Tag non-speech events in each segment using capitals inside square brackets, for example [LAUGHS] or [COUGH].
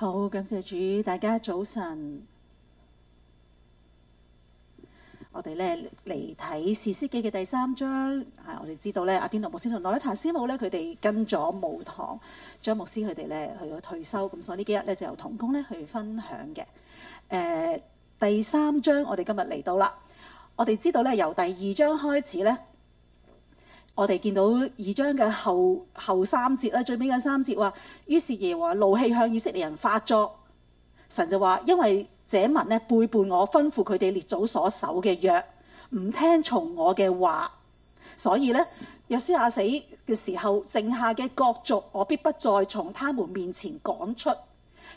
好，感謝主，大家早晨。我哋咧嚟睇《士師記》嘅、呃、第三章，我哋知道咧，阿丁諾牧師同一塔師母咧，佢哋跟咗舞堂張牧師佢哋咧去咗退休，咁所以呢幾日咧就由同工咧去分享嘅。第三章我哋今日嚟到啦。我哋知道咧，由第二章開始咧。我哋見到二章嘅後後三節啦，最尾嘅三節話：於是耶和華怒氣向以色列人發作，神就話：因為這民呢背叛我吩咐佢哋列祖所守嘅約，唔聽從我嘅話，所以呢，約書亞死嘅時候，剩下嘅各族，我必不再從他們面前講出。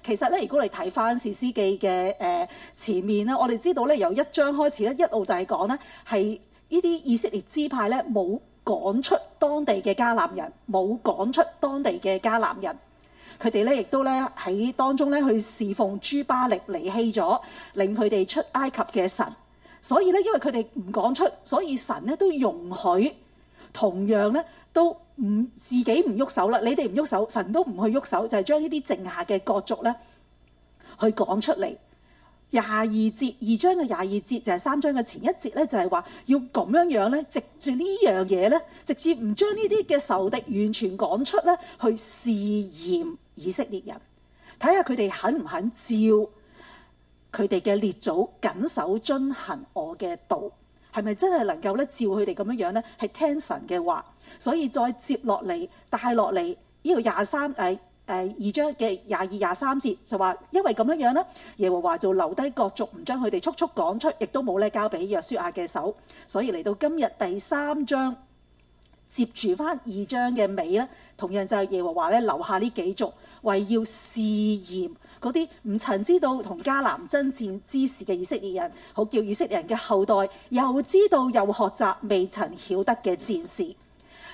其實呢，如果嚟睇翻士師記嘅誒、呃、前面啦，我哋知道呢，由一章開始呢一路就係講呢，係呢啲以色列支派呢冇，沒有趕出當地嘅迦南人，冇趕出當地嘅迦南人，佢哋咧亦都咧喺當中咧去侍奉諸巴力，離棄咗，令佢哋出埃及嘅神。所以咧，因為佢哋唔趕出，所以神咧都容許同樣咧都唔自己唔喐手啦。你哋唔喐手，神都唔去喐手，就係、是、將呢啲剩下嘅各族咧去趕出嚟。廿二節、二章嘅廿二節就係三章嘅前一節咧，就係話要咁樣樣咧，藉住呢樣嘢咧，直至唔將呢啲嘅仇敵完全講出咧，去試驗以色列人，睇下佢哋肯唔肯照佢哋嘅列祖緊守遵行我嘅道，係咪真係能夠咧照佢哋咁樣樣咧，係聽神嘅話？所以再接落嚟帶落嚟呢個廿三誒。誒二章嘅廿二廿三節就話，因為咁樣樣咧，耶和華就留低各族，唔將佢哋速速趕出，亦都冇咧交俾約書亞嘅手。所以嚟到今日第三章，接住翻二章嘅尾啦，同樣就係耶和華咧留下呢幾族，為要試驗嗰啲唔曾知道同迦南爭戰之事嘅以色列人，好叫以色列人嘅後代又知道又學習未曾曉得嘅戰事。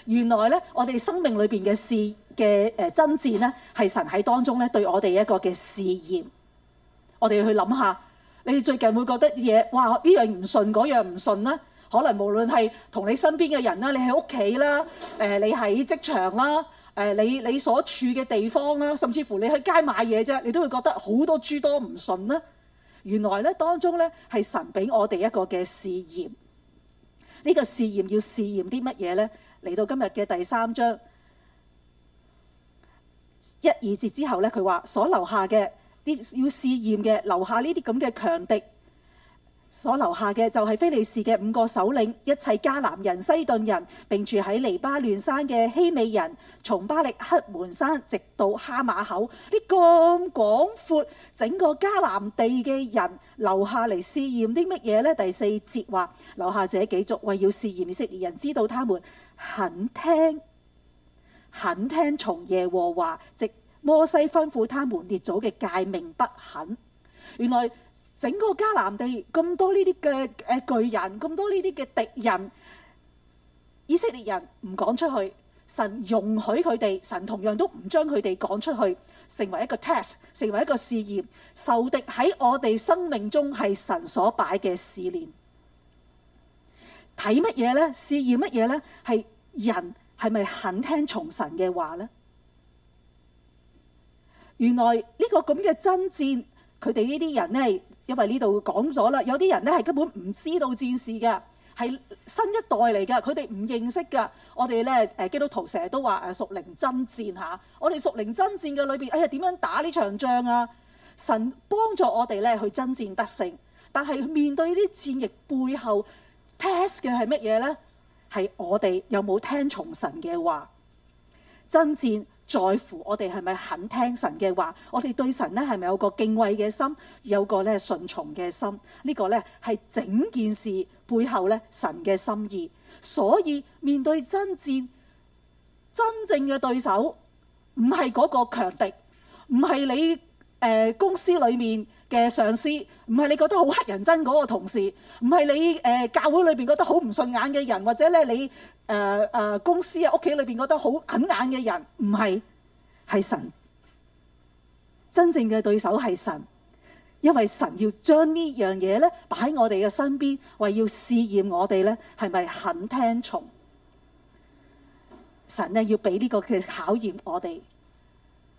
原來呢，我哋生命裏面嘅事。嘅誒爭戰呢，係神喺當中咧對我哋一個嘅試驗，我哋要去諗下，你最近會覺得嘢哇呢樣唔順，嗰樣唔順啦。可能無論係同你身邊嘅人啦，你喺屋企啦，誒、呃、你喺職場啦，誒、呃、你你所處嘅地方啦，甚至乎你去街買嘢啫，你都會覺得好多諸多唔順啦。原來呢當中呢，係神俾我哋一個嘅試驗，呢、呢個試驗要試驗啲乜嘢呢？嚟到今日嘅第三章。一二節，之後呢，佢話所留下嘅啲要試驗嘅，留下呢啲咁嘅強敵，所留下嘅就係菲利士嘅五個首領，一切迦南人、西頓人，並住喺尼巴亂山嘅希美人、從巴力克門山直到哈馬口，呢咁廣闊整個迦南地嘅人，留下嚟試驗啲乜嘢呢？第四節話留下這幾族，為要試驗以色列人，知道他們肯聽。肯聽從耶和華即摩西吩咐他們列祖嘅誡命，不肯。原來整個迦南地咁多呢啲嘅巨人，咁多呢啲嘅敵人，以色列人唔講出去，神容許佢哋，神同樣都唔將佢哋講出去，成為一個 test，成為一個試驗。仇敵喺我哋生命中係神所擺嘅試煉。睇乜嘢呢？試驗乜嘢呢？係人。係咪肯聽從神嘅話呢？原來呢個咁嘅爭戰，佢哋呢啲人呢，因為呢度講咗啦，有啲人呢係根本唔知道戰事嘅，係新一代嚟㗎，佢哋唔認識㗎。我哋呢，誒基督徒成日都話誒屬靈爭戰嚇，我哋屬靈爭戰嘅裏邊，哎呀點樣打呢場仗啊？神幫助我哋呢去爭戰得勝，但係面對呢啲戰役背後 test 嘅係乜嘢呢？係我哋有冇聽從神嘅話？爭戰在乎我哋係咪肯聽神嘅話？我哋對神呢係咪有個敬畏嘅心？有個呢順從嘅心？呢、這個呢係整件事背後呢神嘅心意。所以面對爭戰，真正嘅對手唔係嗰個強敵，唔係你誒、呃、公司裡面嘅上司，唔係你覺得好乞人憎嗰個同事，唔係你誒、呃、教會裏邊覺得好唔順眼嘅人，或者咧你誒誒、呃呃、公司啊屋企裏邊覺得好眼眼嘅人，唔係，係神，真正嘅對手係神，因為神要將呢樣嘢咧擺喺我哋嘅身邊，為要試驗我哋咧係咪肯聽從神咧，要俾呢個嘅考驗我哋。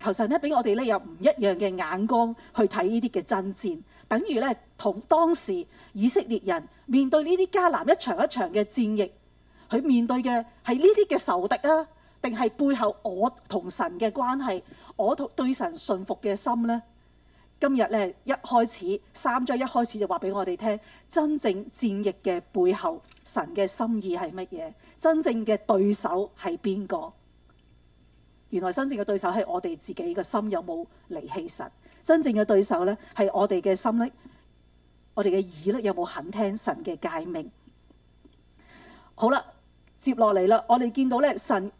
求神咧俾我哋咧有唔一樣嘅眼光去睇呢啲嘅爭戰，等於咧同當時以色列人面對呢啲迦南一場一場嘅戰役，佢面對嘅係呢啲嘅仇敵啊，定係背後我同神嘅關係，我同對神信服嘅心呢？今日咧一開始三章一開始就話俾我哋聽，真正戰役嘅背後神嘅心意係乜嘢？真正嘅對手係邊個？原來真正嘅對手係我哋自己嘅心有冇離棄神？真正嘅對手呢，係我哋嘅心呢，我哋嘅耳呢，有冇肯聽神嘅誡命？好啦，接落嚟啦，我哋見到呢，神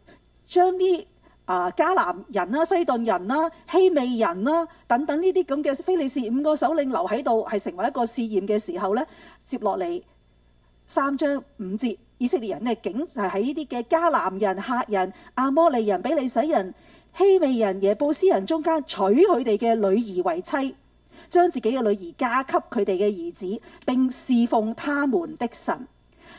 將啲啊迦南人啦、西頓人啦、希未人啦等等呢啲咁嘅非利士五個首領留喺度，係成為一個試驗嘅時候呢，接落嚟三章五節。以色列人咧，竟就喺呢啲嘅迦南人、赫人、亞摩利人、比利洗人、希未人、耶布斯人中間娶佢哋嘅女兒為妻，將自己嘅女兒嫁給佢哋嘅兒子，並侍奉他們的神。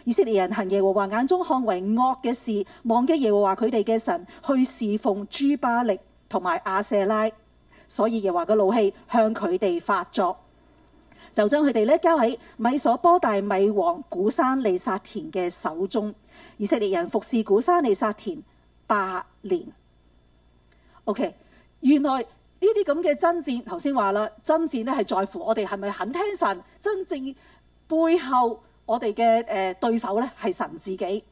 以色列人行耶和華眼中看為惡嘅事，忘記耶和華佢哋嘅神，去侍奉諸巴力同埋亞舍拉，所以耶和華嘅怒氣向佢哋發作。就將佢哋咧交喺米所波大米王古珊利薩田嘅手中，以色列人服侍古珊利薩田八年。OK，原來呢啲咁嘅爭戰，頭先話啦，爭戰咧係在乎我哋係咪肯聽神？真正背後我哋嘅誒對手咧係神自己。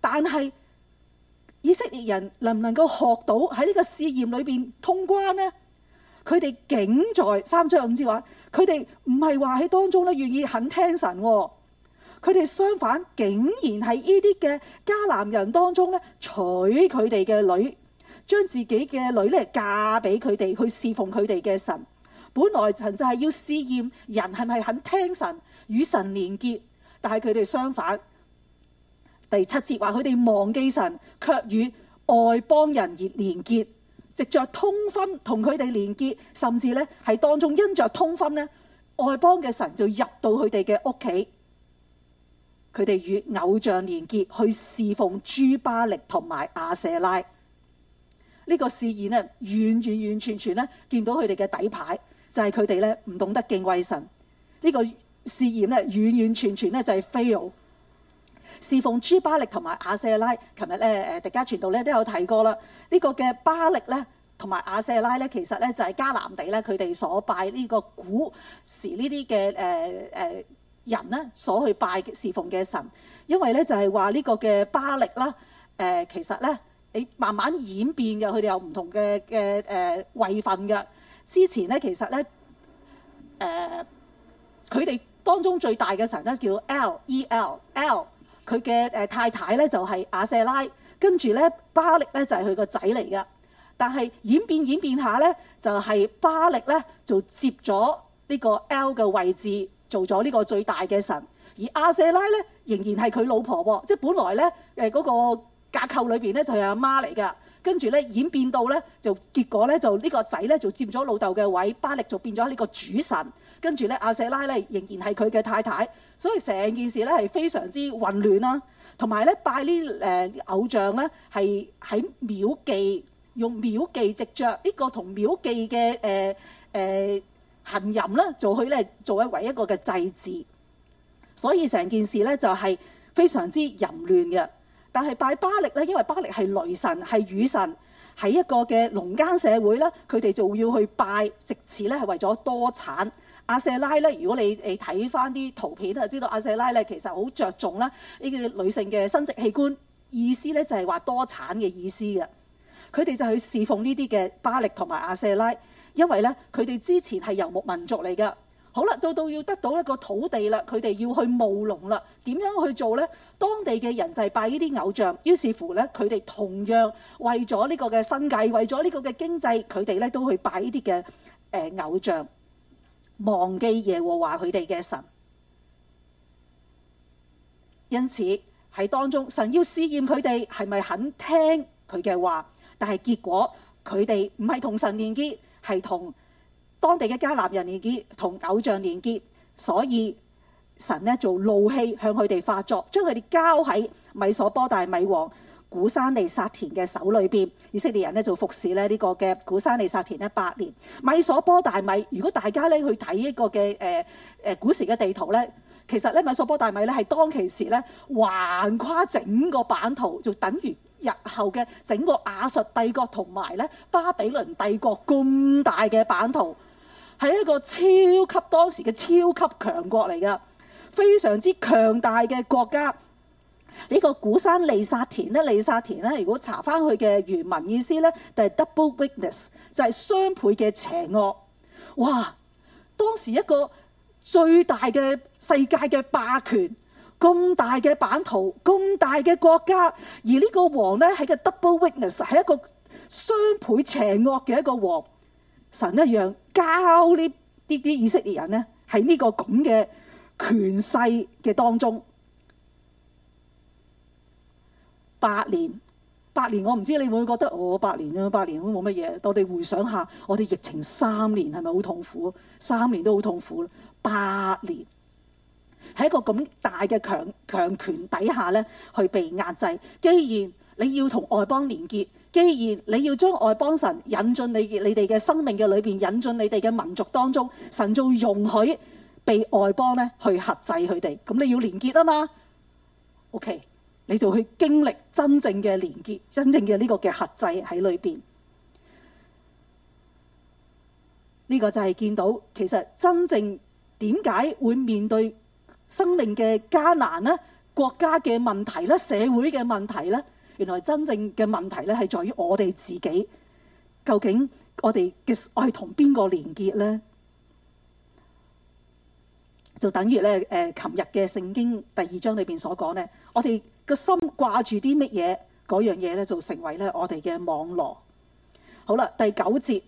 但係以色列人能唔能夠學到喺呢個試驗裏邊通關呢？佢哋竟在三章五節話。佢哋唔係話喺當中咧願意肯聽神，哦，佢哋相反竟然喺呢啲嘅迦南人當中咧娶佢哋嘅女，將自己嘅女咧嫁俾佢哋去侍奉佢哋嘅神。本來神就係要試驗人係咪肯聽神與神連結，但係佢哋相反，第七節話佢哋忘記神，卻與外邦人而連結。藉着通婚同佢哋連結，甚至咧係當中因着通婚咧，外邦嘅神就入到佢哋嘅屋企，佢哋與偶像連結去侍奉諸巴力同埋亞舍拉，這個、事呢個試驗咧，完完完全全咧見到佢哋嘅底牌就係佢哋咧唔懂得敬畏神，這個、事呢個試驗咧，完完全全咧就係、是、fail。侍奉朱巴力同埋亞舍拉，琴日咧誒迪家傳道咧都有提過啦。呢個嘅巴力咧同埋亞舍拉咧，其實咧就係迦南地咧佢哋所拜呢個古時呢啲嘅誒誒人咧所去拜侍奉嘅神。因為咧就係話呢個嘅巴力啦，誒其實咧誒慢慢演變嘅，佢哋有唔同嘅嘅誒位份嘅。之前咧其實咧誒佢哋當中最大嘅神咧叫 L E L L。L, 佢嘅誒太太咧就係亞舍拉，跟住咧巴力咧就係佢個仔嚟噶。但係演變演變下咧，就係巴力咧就接咗呢個 L 嘅位置，做咗呢個最大嘅神。而亞舍拉咧仍然係佢老婆喎，即係本來咧誒嗰個架構裏邊咧就係阿媽嚟噶，跟住咧演變到咧就結果咧就呢個仔咧就佔咗老豆嘅位，巴力就變咗呢個主神，跟住咧亞舍拉咧仍然係佢嘅太太。所以成件事咧係非常之混亂啦，同埋咧拜呢誒偶像咧係喺廟妓用廟妓藉著，呢、這個同廟妓嘅誒誒行淫啦，做佢咧做佢為一個嘅祭祀，所以成件事咧就係非常之淫亂嘅。但係拜巴力咧，因為巴力係雷神係雨神，喺一個嘅農耕社會咧，佢哋就要去拜，藉此咧係為咗多產。阿舍拉咧，如果你誒睇翻啲圖片啊，就知道阿舍拉咧其實好着重啦呢個女性嘅生殖器官，意思咧就係話多產嘅意思嘅。佢哋就去侍奉呢啲嘅巴力同埋阿舍拉，因為咧佢哋之前係游牧民族嚟㗎。好啦，到到要得到一個土地啦，佢哋要去務農啦，點樣去做咧？當地嘅人就係拜呢啲偶像，於是乎咧，佢哋同樣為咗呢個嘅生計，為咗呢個嘅經濟，佢哋咧都去拜呢啲嘅誒偶像。忘記耶和華佢哋嘅神，因此喺當中，神要試驗佢哋係咪肯聽佢嘅話，但係結果佢哋唔係同神連結，係同當地嘅迦南人連結，同偶像連結，所以神呢做怒氣向佢哋發作，將佢哋交喺米所波大米王。古珊利薩田嘅手裏邊，以色列人咧就服侍咧呢個嘅古珊利薩田咧八年。米索波大米，如果大家咧去睇一個嘅誒誒古時嘅地圖咧，其實咧米索波大米咧係當其時咧橫跨整個版圖，就等於日後嘅整個亞述帝國同埋咧巴比倫帝國咁大嘅版圖，係一個超級當時嘅超級強國嚟噶，非常之強大嘅國家。呢個古山利薩田咧，利薩田咧，如果查翻佢嘅原文意思咧，就係 double witness，就係雙倍嘅邪惡。哇！當時一個最大嘅世界嘅霸權，咁大嘅版圖，咁大嘅國家，而呢個王咧喺個 double witness，係一個雙倍邪惡嘅一個王。神一樣教呢啲啲以色列人咧，喺呢個咁嘅權勢嘅當中。八年，八年，我唔知你會唔會覺得我八年啊，八年都冇乜嘢。我哋回想下，我哋疫情三年係咪好痛苦？三年都好痛苦。八年喺一個咁大嘅強強權底下呢，去被壓制。既然你要同外邦連結，既然你要將外邦神引進你你哋嘅生命嘅裏邊，引進你哋嘅民族當中，神仲容許被外邦呢去克制佢哋？咁你要連結啊嘛？OK。你就去經歷真正嘅連結，真正嘅呢個嘅核制喺裏邊。呢、這個就係見到，其實真正點解會面對生命嘅艱難咧、國家嘅問題咧、社會嘅問題咧？原來真正嘅問題咧係在於我哋自己，究竟我哋嘅愛同邊個連結咧？就等於咧，誒、呃，琴日嘅聖經第二章裏邊所講咧，我哋，個心掛住啲乜嘢，嗰樣嘢咧就成為咧我哋嘅網羅。好啦，第九節，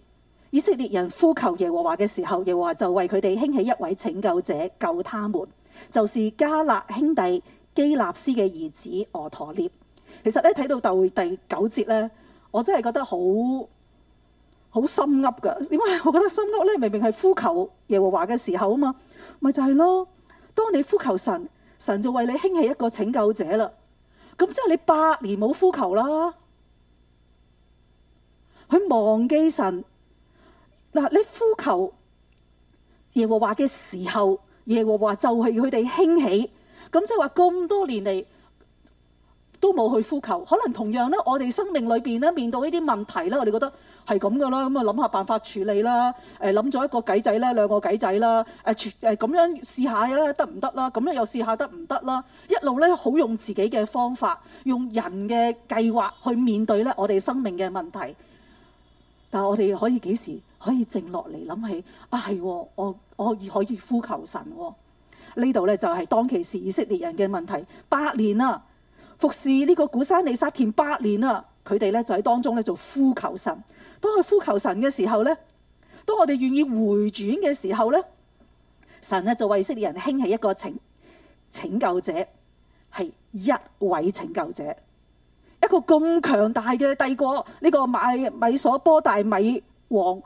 以色列人呼求耶和華嘅時候，耶和華就為佢哋興起一位拯救者，救他們，就是迦勒兄弟基納斯嘅兒子俄陀聶。其實咧睇到，到第第九節咧，我真係覺得好好心噏㗎。點解？為什麼我覺得心噏咧，明明係呼求耶和華嘅時候啊嘛，咪就係、是、咯。當你呼求神，神就為你興起一個拯救者啦。咁即係你百年冇呼求啦，佢忘記神。嗱，你呼求耶和華嘅時候，耶和華就係佢哋興起。咁即係話咁多年嚟。都冇去呼求，可能同樣呢，我哋生命裏面呢，面對呢啲問題呢，我哋覺得係咁噶啦，咁啊諗下辦法處理啦，諗咗一個計仔呢，兩個計仔啦，咁樣試下呢，得唔得啦？咁樣又試下得唔得啦？一路呢，好用自己嘅方法，用人嘅計劃去面對呢我哋生命嘅問題。但係我哋可以幾時可以靜落嚟諗起？啊，係哦，我我可以呼求神哦。呢度呢，就係當其時以色列人嘅問題，八年啦服侍呢個古珊利薩田八年啊，佢哋咧就喺當中咧做呼求神。當佢呼求神嘅時候呢，當我哋願意回轉嘅時候呢，神呢就為以色列人興起一個請拯救者，係一位拯救者。一個咁強大嘅帝國，呢、這個米米索波大米王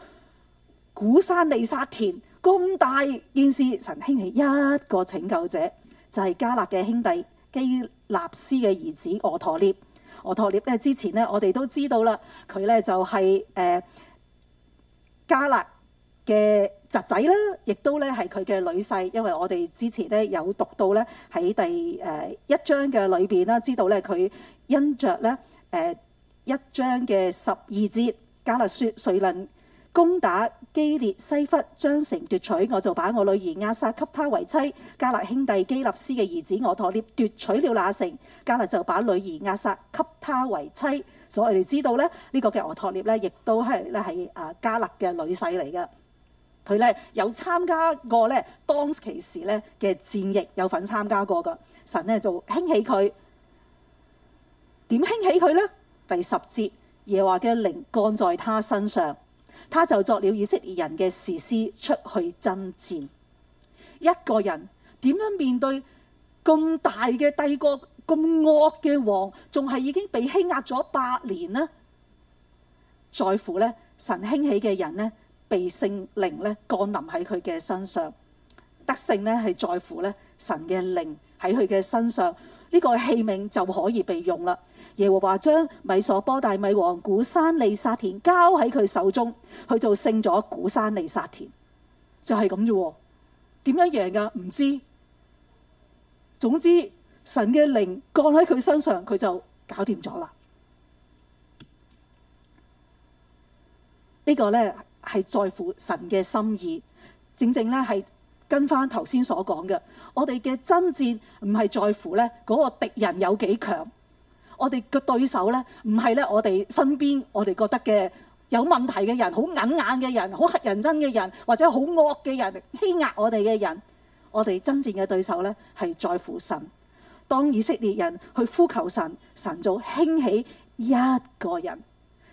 古珊利薩田咁大件事，神興起一個拯救者，就係、是、迦勒嘅兄弟基。納斯嘅兒子俄陀涅，俄陀涅咧之前呢，我哋都知道啦，佢呢就係、是、誒、呃、加勒嘅侄仔啦，亦都呢係佢嘅女婿，因為我哋之前呢有讀到呢，喺第誒一章嘅裏邊啦，知道呢，佢因着呢誒一章嘅十二節加勒說誰能攻打？基列西弗將城奪取，我就把我女兒押撒給他為妻。迦勒兄弟基納斯嘅兒子俄陀聶奪取了那城，迦勒就把女兒押撒給他為妻。所以你知道咧，呢、這個嘅俄陀聶呢，亦都係咧係啊迦勒嘅女婿嚟嘅。佢呢有參加過呢當其時呢嘅戰役，有份參加過噶。神呢就興起佢，點興起佢呢？第十節，耶和華嘅靈降在他身上。他就作了以色列人嘅士師，出去征戰，一個人點樣面對咁大嘅帝國、咁惡嘅王，仲係已經被欺壓咗八年呢？在乎呢神興起嘅人呢，被聖靈呢降臨喺佢嘅身上得勝呢，係在乎呢神嘅靈喺佢嘅身上，呢、這個器皿就可以被用啦。耶和華將米所波大米王古山利薩田交喺佢手中，佢就勝咗古山利薩田，就係咁啫。點樣贏噶、啊？唔知道。總之神嘅靈降喺佢身上，佢就搞掂咗啦。呢、這個呢係在乎神嘅心意，正正呢係跟翻頭先所講嘅。我哋嘅爭戰唔係在乎呢嗰個敵人有幾強。.我哋嘅對手呢，唔係呢。我哋身邊我哋覺得嘅有問題嘅人，好硬眼嘅人，好乞人憎嘅人，或者好惡嘅人，欺壓我哋嘅人。我哋真正嘅對手呢，係在乎神。當以色列人去呼求神，神就興起一個人，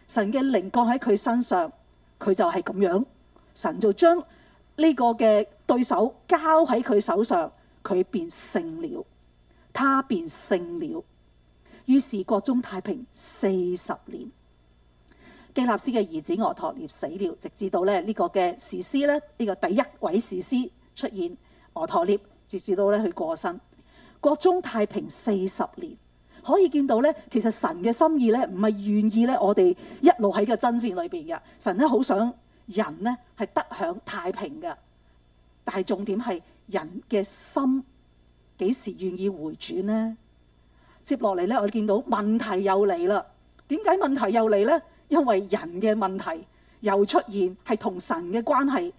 神嘅靈降喺佢身上，佢就係咁樣。神就將呢個嘅對手交喺佢手上，佢便勝了，他便勝了。於是國中太平四十年，基納斯嘅兒子俄陀聶死了，直至到咧呢個嘅士師咧呢個第一位士師出現，俄陀聶，直至到咧佢過身，國中太平四十年，可以見到咧其實神嘅心意咧唔係願意咧我哋一路喺個爭戰裏面嘅，神咧好想人呢係得享太平嘅，但重點係人嘅心幾時願意回轉呢？接落嚟呢，我見到問題又嚟啦。點解問題又嚟呢？因為人嘅問題又出現，係同神嘅關係。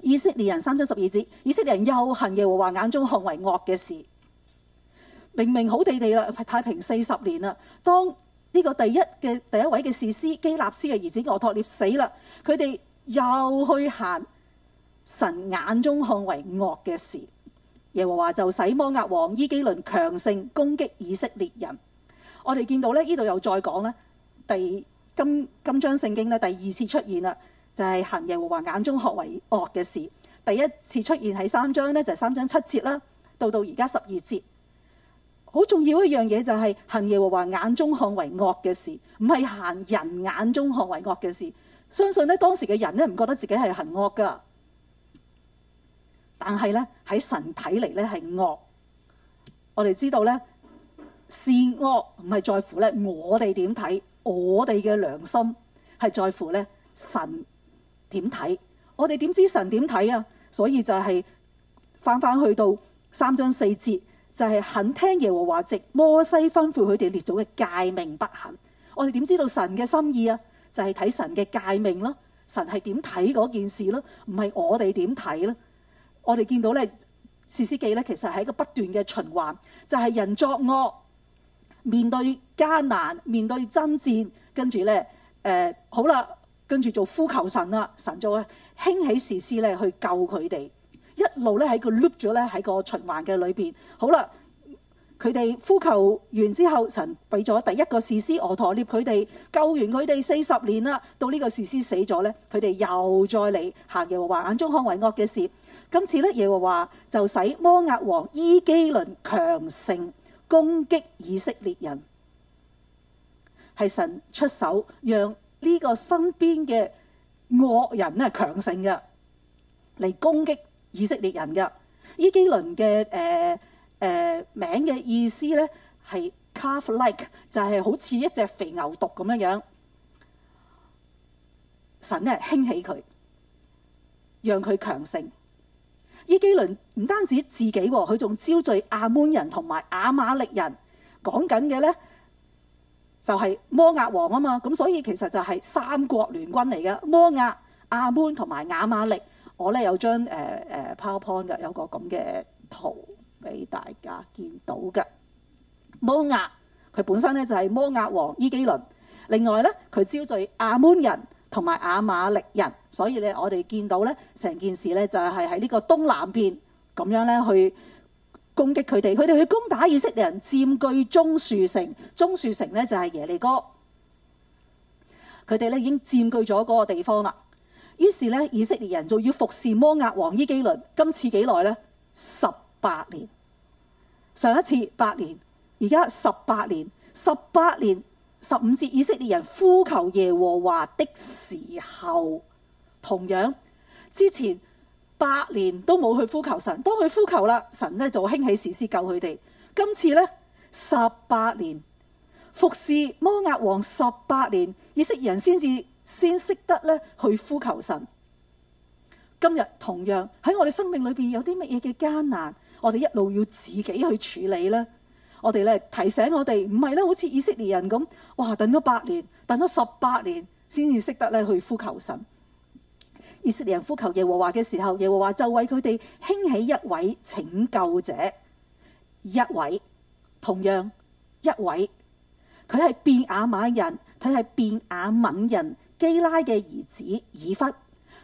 以色列人三章十二節，以色列人又行耶和華眼中看為惡嘅事。明明好地地啦，太平四十年啦。當呢個第一嘅第一位嘅士師基納斯嘅兒子俄陀聶死啦，佢哋又去行神眼中看為惡嘅事。耶和華就使摩押王伊基倫強盛，攻擊以色列人。我哋見到咧，呢度又再講啦。第今今，今章聖經咧第二次出現啦，就係、是、行耶和華眼中看為惡嘅事。第一次出現喺三章呢就係、三章七節啦，到到而家十二節。好重要一樣嘢就係、是、行耶和華眼中看為惡嘅事，唔係行人眼中看為惡嘅事。相信呢當時嘅人呢唔覺得自己係行惡噶。但係咧，喺神睇嚟咧係惡。我哋知道咧，善惡唔係在乎咧我哋點睇，我哋嘅良心係在乎咧神點睇。我哋點知神點睇啊？所以就係返返去到三章四節，就係、是、肯聽耶和華藉摩西吩咐佢哋列祖嘅誡命不行。我哋點知道神嘅心意啊？就係、是、睇神嘅誡命咯、啊。神係點睇嗰件事咯、啊？唔係我哋點睇咯。我哋見到咧，士師記咧，其實係一個不斷嘅循環，就係、是、人作惡，面對艱難，面對爭戰，跟住咧，誒、呃、好啦，跟住做呼求神啦，神做呢興起士師咧去救佢哋，一路咧喺個碌咗咧喺個循環嘅裏邊。好啦，佢哋呼求完之後，神俾咗第一個士師俄陀聶佢哋救完佢哋四十年啦，到呢個士師死咗咧，佢哋又再嚟行耶和華眼中看為惡嘅事。今次呢，耶和華就使摩押王伊基倫強盛，攻擊以色列人。係神出手，讓呢個身邊嘅惡人咧強盛嘅，嚟攻擊以色列人嘅。伊基倫嘅誒誒名嘅意思呢，係 calf-like，就係好似一隻肥牛犢咁樣樣。神咧興起佢，讓佢強盛。伊基倫唔單止自己喎，佢仲招聚亞捫人同埋亞瑪力人，講緊嘅呢就係摩押王啊嘛，咁所以其實就係三國聯軍嚟嘅摩押、亞捫同埋亞瑪力。我呢有張誒誒 PowerPoint 嘅，有一個咁嘅圖俾大家見到嘅。摩押佢本身呢就係摩押王伊基倫，另外呢，佢招聚亞捫人。同埋亞瑪力人，所以咧我哋見到呢成件事呢，就係喺呢個東南邊咁樣呢去攻擊佢哋，佢哋去攻打以色列人，佔據棕樹城，棕樹城呢，就係耶利哥，佢哋呢已經佔據咗嗰個地方啦。於是呢，以色列人就要服侍摩押王伊基倫，今次幾耐呢？十八年，上一次八年，而家十八年，十八年。十五節，以色列人呼求耶和華的時候，同樣之前八年都冇去呼求神，當佢呼求啦，神呢就興起士師救佢哋。今次呢，十八年服侍摩押王十八年，以色列人先至先識得呢去呼求神。今日同樣喺我哋生命裏邊有啲乜嘢嘅艱難，我哋一路要自己去處理呢。我哋咧，提醒我哋唔係啦，好似以色列人咁，哇，等咗八年，等咗十八年先至識得咧去呼求神。以色列人呼求耶和華嘅時候，耶和華就為佢哋興起一位拯救者，一位同樣一位佢係便雅瑪人，佢係便雅憫人基拉嘅兒子以笏，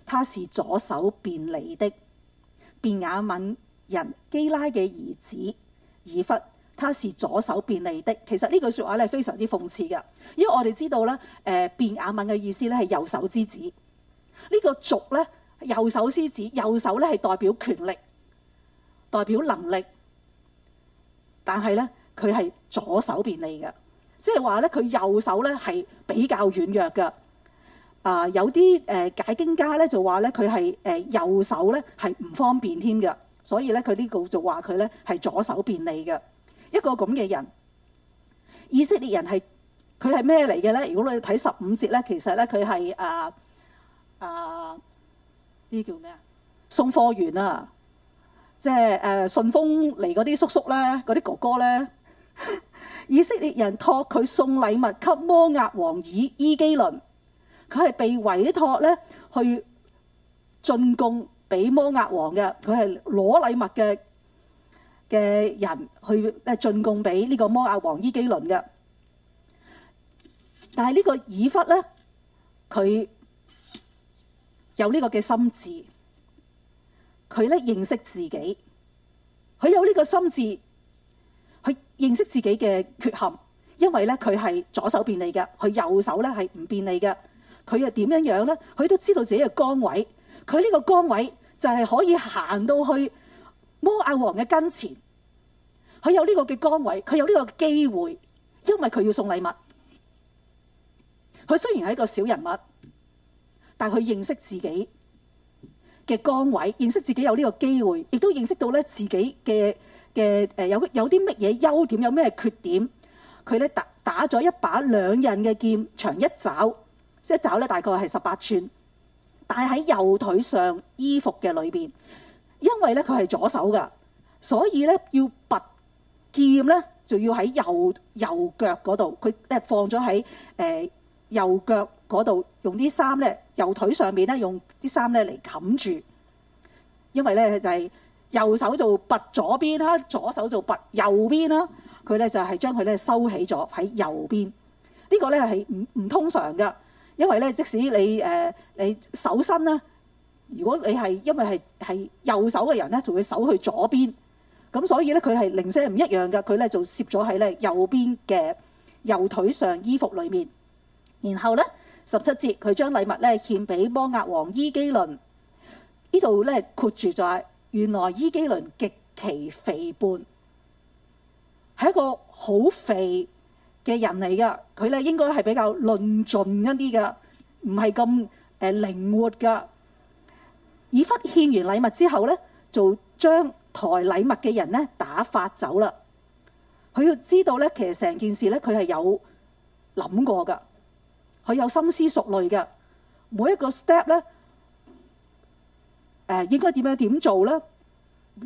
他是左手便利的便雅憫人基拉嘅兒子以笏。他是左手便利的，其實呢句説話咧非常之諷刺嘅，因為我哋知道咧，誒便雅憫嘅意思咧係右手之子，呢、這個族咧右手之子，右手咧係代表權力，代表能力，但係咧佢係左手便利嘅，即係話咧佢右手咧係比較軟弱嘅，啊、呃、有啲誒解經家咧就話咧佢係誒右手咧係唔方便添嘅，所以咧佢呢、這個就話佢咧係左手便利嘅。一個咁嘅人，以色列人係佢係咩嚟嘅咧？如果你睇十五節咧，其實咧佢係啊，誒叫咩啊？送貨員、就是、啊，即係誒順豐嚟嗰啲叔叔咧，嗰啲哥哥咧，以色列人託佢送禮物給摩押王以伊磯倫，佢係被委託咧去進貢俾摩押王嘅，佢係攞禮物嘅。嘅人去誒進貢俾呢個摩押王伊磯倫嘅，但係呢個以笏咧，佢有呢個嘅心智，佢咧認識自己，佢有呢個心智，佢認識自己嘅缺陷，因為咧佢係左手便利嘅，佢右手咧係唔便利嘅，佢係點樣樣咧，佢都知道自己嘅崗位，佢呢個崗位就係可以行到去摩押王嘅跟前，佢有呢個嘅崗位，佢有呢個機會，因為佢要送禮物。佢雖然係一個小人物，但係佢認識自己嘅崗位，認識自己有呢個機會，亦都認識到咧自己嘅嘅誒有有啲乜嘢優點，有咩缺點。佢咧打打咗一把兩刃嘅劍，長一肘，即係肘咧大概係十八寸，戴喺右腿上衣服嘅裏邊。因為咧佢係左手噶，所以咧要拔劍咧，就要喺右右腳嗰度，佢咧放咗喺誒右腳嗰度，用啲衫咧右腿上面咧用啲衫咧嚟冚住。因為咧就係右手就拔左邊啦，左手就拔右邊啦。佢咧就係將佢咧收起咗喺右邊。呢個咧係唔唔通常嘅，因為咧即使你誒你手伸啦。如果你係因為係係右手嘅人咧，就會手去左邊咁，所以咧佢係零舍係唔一樣嘅。佢咧就攝咗喺咧右邊嘅右腿上衣服裏面。然後咧十七節佢將禮物咧獻俾摩押王伊基倫。呢度咧括住就係原來伊基倫極其肥胖，係一個好肥嘅人嚟噶。佢咧應該係比較論盡一啲嘅，唔係咁誒靈活噶。以笏獻完禮物之後呢，就將抬禮物嘅人呢打發走啦。佢要知道呢，其實成件事呢，佢係有諗過㗎，佢有心思熟慮嘅。每一個 step 呢，誒、呃、應該點樣點做呢？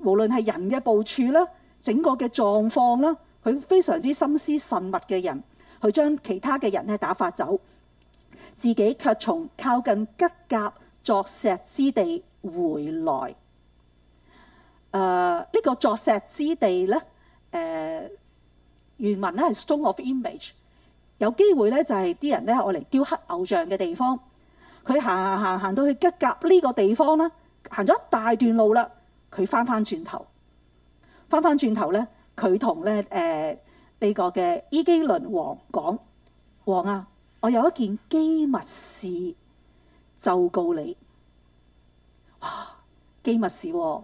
無論係人嘅部署啦，整個嘅狀況啦，佢非常之心思慎密嘅人，去將其他嘅人呢打發走，自己卻從靠近吉甲作石之地。回來誒呢、呃這個作石之地呢，呃、原文呢係 stone of image，有機會呢，就係、是、啲人呢，我嚟雕刻偶像嘅地方。佢行行行行到去吉甲呢個地方啦，行咗一大段路啦，佢翻翻轉頭，翻翻轉頭呢，佢同咧誒呢、呃這個嘅伊基倫王講：王啊，我有一件機密事，就告你。啊，機密事、哦，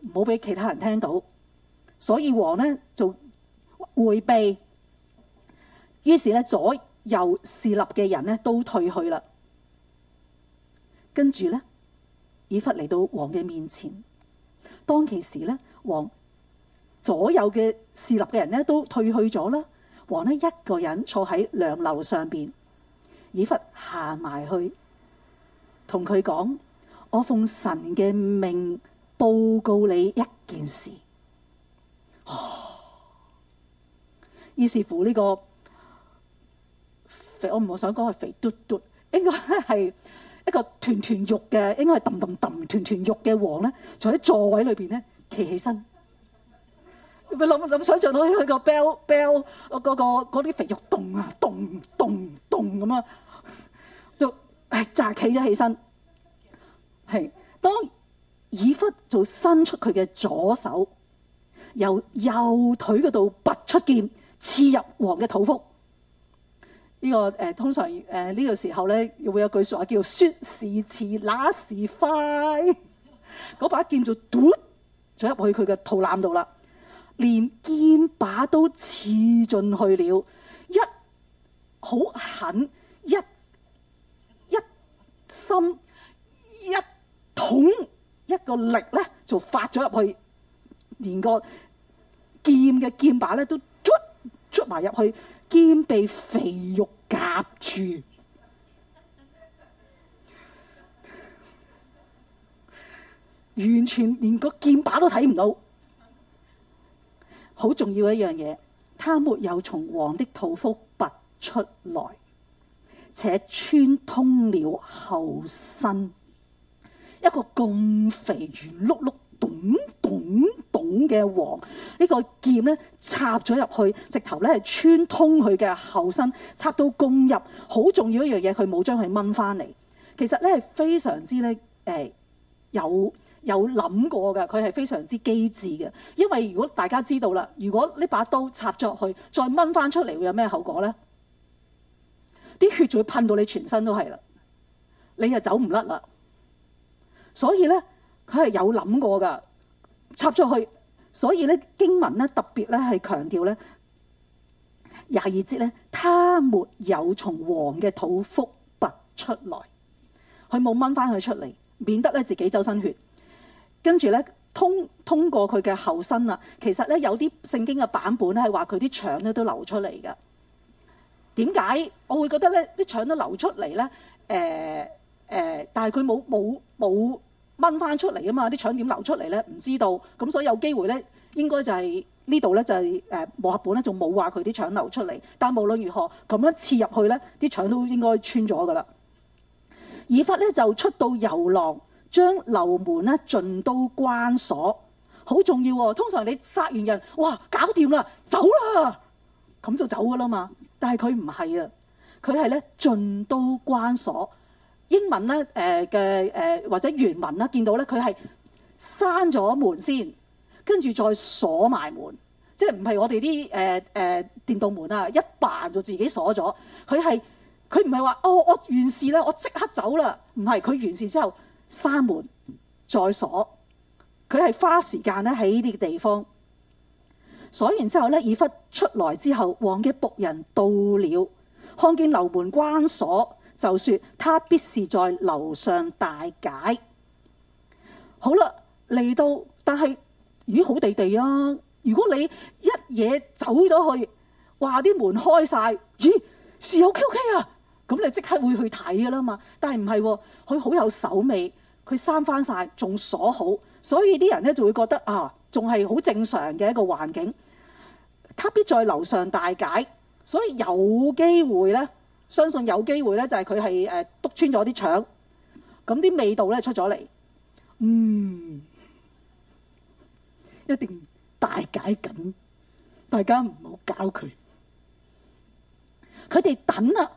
唔好俾其他人聽到。所以王呢就迴避，於是咧左右侍立嘅人呢都退去啦。跟住咧，以弗嚟到王嘅面前。當其時咧，王左右嘅侍立嘅人呢都退去咗啦。王呢一個人坐喺涼樓上邊，以弗行埋去同佢講。跟他說我奉神嘅命報告你一件事，啊！於是乎呢個肥，我唔想講係肥嘟嘟，應該係一個團團肉嘅，應該係揼揼揼團團肉嘅王咧，就喺座位裏邊咧，企起身。你諗諗想象到佢個 bell bell 嗰個嗰啲肥肉動啊動動動咁啊，就唉，就企咗起身。係當以笏就伸出佢嘅左手，由右腿度拔出劍，刺入王嘅肚腹。呢、這個誒、呃、通常誒呢、呃這個時候咧，會有句說話叫做「説時遲，那時快」。 [LAUGHS] 把劍就嘟咗入去佢嘅肚腩度啦，連劍把都刺進去了，一好狠，一一心一。一一一捅一個力咧，就發咗入去，連個劍嘅劍把咧都捽捽埋入去，劍被肥肉夾住，完全連個劍把都睇唔到。好重要的一樣嘢，他沒有從王的肚腹拔出來，且穿通了後身。一個咁肥圓碌碌、咚咚咚嘅王，呢個劍咧插咗入去，直頭呢係穿通佢嘅後身，插到攻入。好重要的一樣嘢，佢冇將佢掹翻嚟。其實呢係非常之呢，誒、欸、有有諗過嘅，佢係非常之機智嘅。因為如果大家知道啦，如果呢把刀插咗入去，再掹翻出嚟，會有咩後果呢？啲血就會噴到你全身都係啦，你就走唔甩啦。所以咧，佢係有諗過噶，插咗去。所以咧，經文咧特別咧係強調咧，廿二節咧，他沒有從王嘅肚腹拔出來，佢冇掹翻佢出嚟，免得咧自己周身血。跟住咧，通通過佢嘅後身啦。其實咧，有啲聖經嘅版本咧係話佢啲腸咧都流出嚟嘅。點解我會覺得咧啲腸都流出嚟咧？誒、呃、誒、呃，但係佢冇冇冇，掹翻出嚟啊嘛！啲腸點流出嚟呢？唔知道，咁所以有機會呢，應該就係呢度呢，就係誒和合本咧，仲冇話佢啲腸流出嚟。但無論如何，咁樣刺入去呢，啲腸都應該穿咗㗎啦。以笏呢，就出到遊廊，將樓門呢盡都關鎖，好重要喎、哦。通常你殺完人，哇，搞掂啦，走啦，咁就走㗎啦嘛。但係佢唔係啊，佢係呢盡都關鎖。英文咧，誒嘅誒或者原文啦，見到咧佢係閂咗門先，跟住再鎖埋門，即係唔係我哋啲誒誒電動門啊，一扮就自己鎖咗。佢係佢唔係話哦，我完事啦，我即刻走啦。唔係，佢完事之後，閂門再鎖。佢係花時間咧喺呢啲地方鎖完之後咧，以笏出來之後，王嘅僕人到了，看見樓門關鎖，就説他必是在樓上大解。好啦，嚟到但係咦好地地啊！如果你一嘢走咗去，話啲門開晒，咦，事有蹊蹺啊？咁你即刻會去睇㗎喇嘛。但係唔係，佢好有手尾，佢閂翻晒，仲鎖好，所以啲人呢就會覺得啊，仲係好正常嘅一個環境。他必在樓上大解，所以有機會呢。相信有機會咧，就係佢係誒篤穿咗啲腸，咁啲味道咧出咗嚟，嗯，一定大解緊，大家唔好搞佢，佢哋等啊，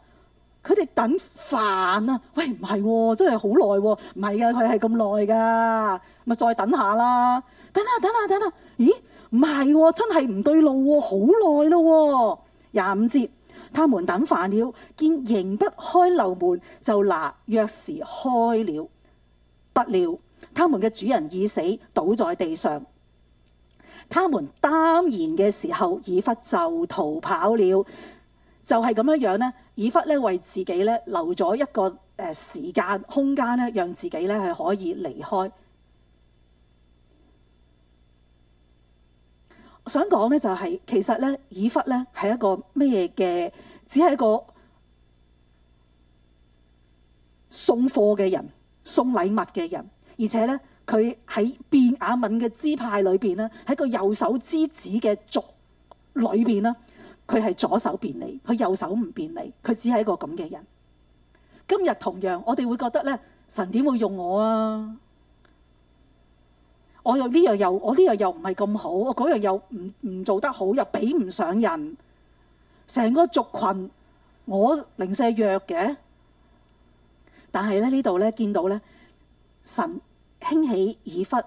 佢哋等煩啊，喂，唔係喎，真係好耐喎，唔係啊，佢係咁耐噶，咪、啊、再等下啦，等啊等啊等啊，咦唔係喎，真係唔對路喎，啊，好耐咯喎，廿五節。他們等煩了，見仍不開樓門，就拿鑰匙開了。不料，他們嘅主人已死，倒在地上。他們耽延嘅時候，以笏就逃跑了。就係、是、咁樣樣咧，以笏咧為自己咧留咗一個誒時間空間咧，讓自己咧係可以離開。想講咧就係、是、其實咧以笏咧係一個咩嘅？只係一個送貨嘅人、送禮物嘅人，而且咧佢喺便雅憫嘅支派裏邊咧，喺個右手之子嘅族裏邊呢佢係左手便利，佢右手唔便利，佢只係一個咁嘅人。今日同樣，我哋會覺得咧，神點會用我啊？我又呢樣又我呢樣又唔係咁好，我嗰樣又唔唔做得好，又比唔上人。成個族群我零舍弱嘅，但係咧呢度咧見到咧神興起以笏，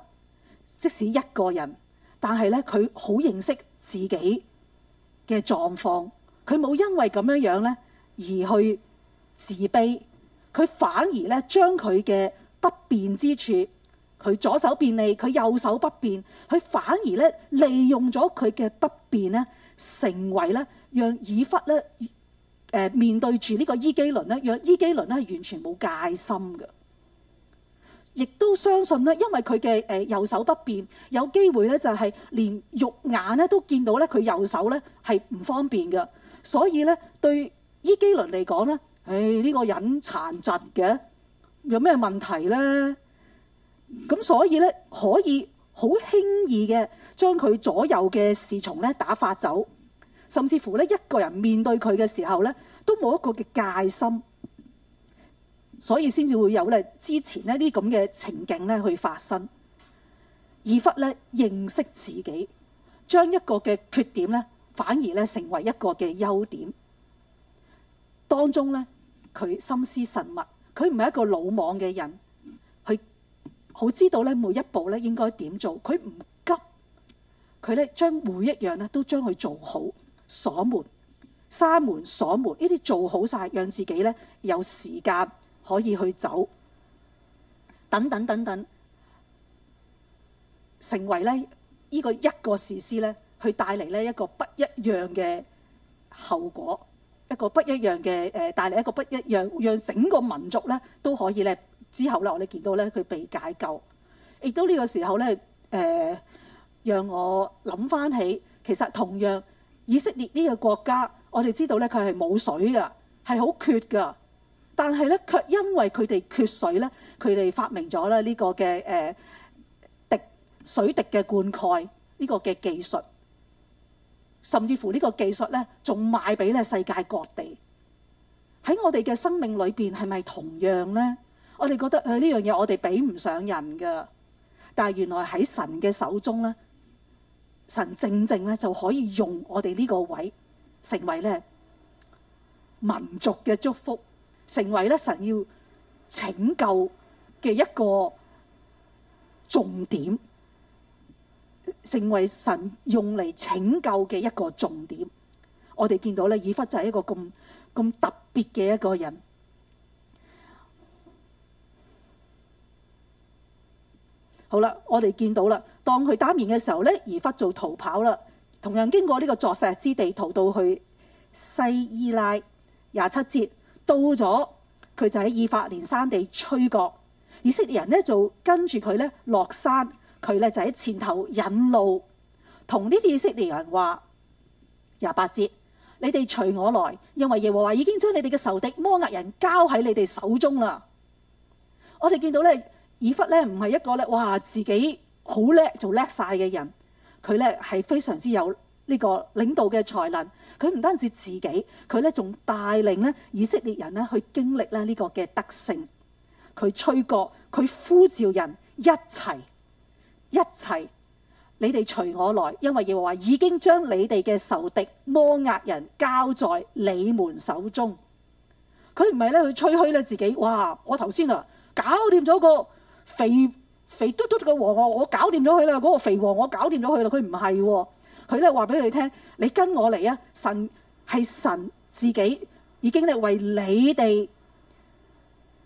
即使一個人，但係咧佢好認識自己嘅狀況，佢冇因為咁樣樣咧而去自卑，佢反而咧將佢嘅不便之處。佢左手便利，佢右手不便。佢反而咧利用咗佢嘅不便呢，成為咧讓以笏咧誒面對住呢個伊磯倫呢，讓伊磯倫呢，係完全冇戒心嘅，亦都相信呢，因為佢嘅誒右手不便，有機會呢，就係連肉眼呢都見到咧佢右手呢係唔方便嘅，所以呢，對伊磯倫嚟講呢，誒、這、呢個人殘疾嘅有咩問題呢？咁所以咧，可以好輕易嘅將佢左右嘅侍從咧打發走，甚至乎咧一個人面對佢嘅時候咧，都冇一個嘅戒心，所以先至會有咧之前呢啲咁嘅情景咧去發生，而忽咧認識自己，將一個嘅缺點咧反而咧成為一個嘅優點，當中咧佢心思慎密，佢唔係一個魯莽嘅人。好知道咧，每一步咧應該點做，佢唔急，佢咧將每一樣咧都將佢做好，鎖門、閂門、鎖門呢啲做好晒，讓自己咧有時間可以去走，等等等等，成為咧呢個一個士師咧，去帶嚟呢一個不一樣嘅後果。一個不一樣嘅誒，帶、呃、嚟一個不一樣，讓整個民族呢都可以呢之後呢，我哋見到呢，佢被解救，亦都呢個時候呢，誒、呃，讓我諗翻起其實同樣以色列呢個國家，我哋知道呢，佢係冇水㗎，係好缺㗎，但係呢，卻因為佢哋缺水呢，佢哋發明咗咧呢個嘅滴、呃、水滴嘅灌溉呢、這個嘅技術。甚至乎呢個技術呢，仲賣俾呢世界各地。喺我哋嘅生命裏邊，係咪同樣呢？我哋覺得誒呢樣嘢我哋比唔上人㗎，但係原來喺神嘅手中呢，神正正咧就可以用我哋呢個位，成為咧民族嘅祝福，成為咧神要拯救嘅一個重點。成為神用嚟拯救嘅一個重點，我哋見到咧，以笏就係一個咁咁特別嘅一個人。好啦，我哋見到啦，當佢打綱嘅時候呢，以笏就逃跑啦，同樣經過呢個鑿石之地，逃到去西伊拉，廿七節，到咗佢就喺以法蓮山地吹角，以色列人呢，就跟住佢呢落山。佢咧就喺前頭引路，同呢啲以色列人話廿八節，你哋隨我來，因為耶和華已經將你哋嘅仇敵摩押人交喺你哋手中啦。我哋見到咧，以笏咧唔係一個咧，哇自己好叻就叻晒嘅人，佢咧係非常之有呢個領導嘅才能。佢唔單止自己，佢咧仲帶領咧以色列人咧去經歷咧呢個嘅得勝。佢吹過，佢呼召人一齊。一齊，你哋隨我來，因為耶和華已經將你哋嘅仇敵摩押人交在你們手中。佢唔係咧，佢去吹噓咧自己。哇！我頭先啊，搞掂咗個肥肥嘟嘟嘅王我，我搞掂咗佢啦。嗰、那個肥王我搞掂咗佢啦。佢唔係喎，佢咧話俾佢聽，你跟我嚟啊！神係神自己已經咧為你哋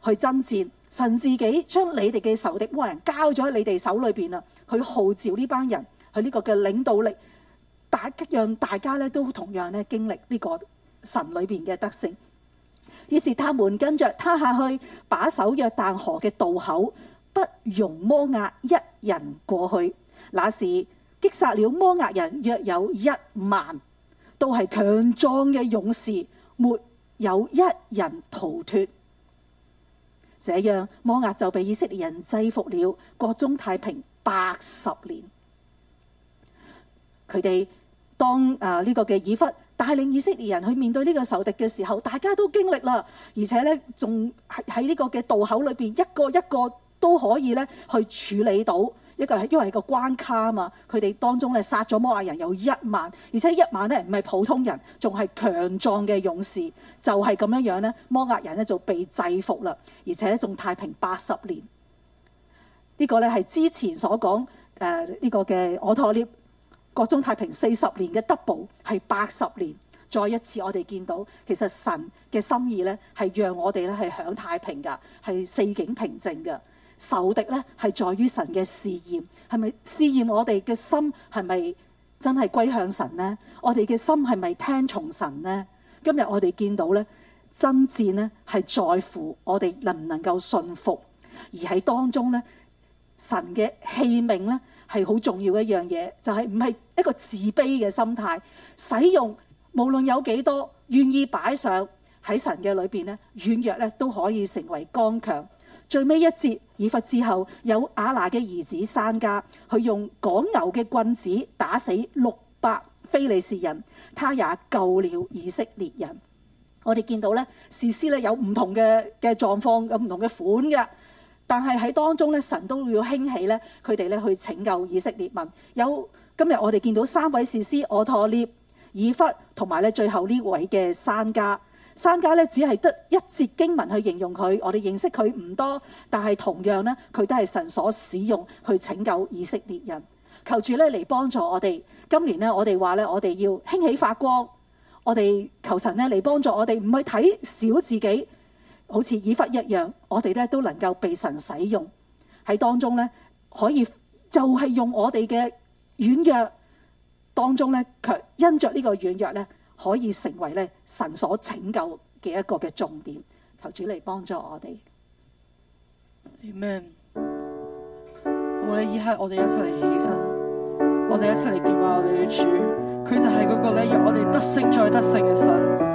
去爭戰，神自己將你哋嘅仇敵摩押人交咗喺你哋手裏邊啦。佢號召呢班人，佢呢個嘅領導力，打讓大家呢都同樣呢經歷呢個神裏面嘅得勝。於是他們跟着他下去，把守約但河嘅渡口，不容摩押一人過去。那時擊殺了摩押人約有一萬，都係強壯嘅勇士，沒有一人逃脫。這樣摩押就被以色列人制服了，國中太平。八十年，佢哋當啊呢、呃這個嘅以笏帶領以色列人去面對呢個仇敵嘅時候，大家都經歷啦，而且呢，仲喺呢個嘅渡口裏邊，一個一個都可以呢去處理到一個係，因為係個關卡啊嘛。佢哋當中呢殺咗摩押人有一萬，而且一萬呢唔係普通人，仲係強壯嘅勇士，就係咁樣樣呢，摩押人呢就被制服啦，而且仲太平八十年。呢個呢係之前所講誒呢個嘅俄陀聶國中太平四十年嘅 double 係八十年，再一次我哋見到其實神嘅心意呢，係讓我哋呢係享太平㗎，係四境平靜嘅。仇敵呢係在於神嘅試驗，係咪試驗我哋嘅心係咪真係歸向神呢？我哋嘅心係咪聽從神呢？今日我哋見到呢，爭戰呢係在乎我哋能唔能夠信服，而喺當中呢。神嘅器皿呢，係好重要嘅一樣嘢，就係唔係一個自卑嘅心態，使用無論有幾多願意擺上喺神嘅裏邊咧，軟弱咧都可以成為剛強。最尾一節以笏之後，有亞拿嘅兒子珊迦，佢用趕牛嘅棍子打死六百非利士人，他也救了以色列人。我哋見到咧，士師咧有唔同嘅嘅狀況，有唔同嘅款㗎。但係喺當中咧，神都要興起咧，佢哋咧去拯救以色列民。有今日我哋見到三位士師：俄陀聶、以笏同埋咧最後呢位嘅珊迦。珊迦咧只係得一節經文去形容佢，我哋認識佢唔多，但係同樣咧佢都係神所使用去拯救以色列人。求主咧嚟幫助我哋，今年咧我哋話咧我哋要興起發光，我哋求神咧嚟幫助我哋，唔去睇小自己。好似以笏一樣，我哋咧都能夠被神使用喺當中咧，可以就係用我哋嘅軟弱當中咧，卻因著呢個軟弱咧，可以成為咧神所拯救嘅一個嘅重點。求主嚟幫助我哋。Amen。好咧，我哋依家，我哋一齊嚟起身，我哋一齊嚟敬拜我哋嘅主，佢就係嗰個咧，讓我哋得勝再得勝嘅神。